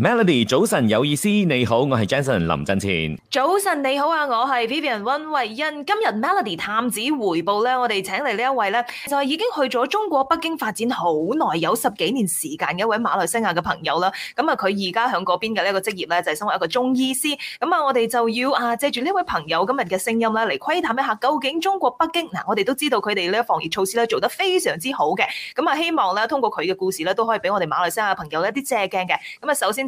Melody，早晨。有意思，你好，我係 Jason 林振前。早晨你好啊，我係 Vivian 溫慧欣。今日 Melody 探子回報咧，我哋請嚟呢一位咧就係、是、已經去咗中國北京發展好耐，有十幾年時間嘅一位馬來西亞嘅朋友啦。咁、嗯、啊，佢而家響嗰邊嘅呢一個職業咧就係、是、身為一個中醫師。咁、嗯、啊，我哋就要啊借住呢位朋友今日嘅聲音咧嚟窺探一下，究竟中國北京嗱、嗯，我哋都知道佢哋呢防疫措施咧做得非常之好嘅。咁、嗯、啊，希望咧通過佢嘅故事咧都可以俾我哋馬來西亞嘅朋友一啲借鏡嘅。咁、嗯、啊，首先。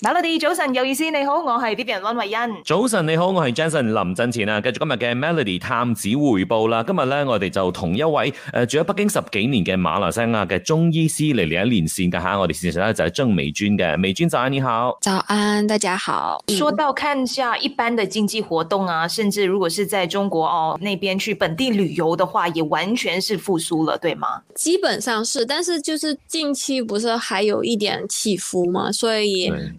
Melody，早晨有意思，你好，我係呢邊人溫慧欣。早晨你好，我係 Jason 林振前啊。繼續今日嘅 Melody 探子匯報啦。今日咧，我哋就同一位誒、呃、住喺北京十幾年嘅馬來西亞嘅中醫師嚟連一連線嘅吓，我哋事實上咧就係張美娟嘅。美娟早安你好，早安大家好。嗯、說到看一下一般的經濟活動啊，甚至如果是在中國哦那邊去本地旅遊的話，也完全是復蘇了，對嗎？基本上是，但是就是近期不是還有一點起伏嘛，所以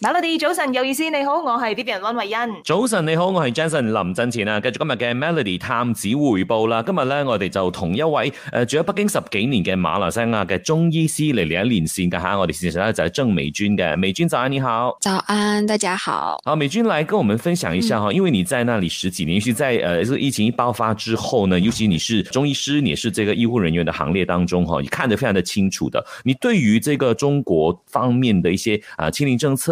Melody 早晨有意思，你好，我係 B B 人溫慧欣。早晨你好，我係 Jenson 林振前啊，繼續今日嘅 Melody 探子回報啦。今日咧，我哋就同一位誒住喺北京十幾年嘅馬來西亞嘅中醫師嚟嚟一連線嘅吓、啊，我哋事實上咧就係張美娟嘅。美娟早安你好，早安大家好。好，美娟來跟我們分享一下哈，因為你在那裏十幾年，嗯、尤其在誒、呃，疫情一爆發之後呢，尤其你是中醫師，你係這個醫護人員的行列當中你看得非常的清楚的。你對於這個中國方面的一些啊，清零政策。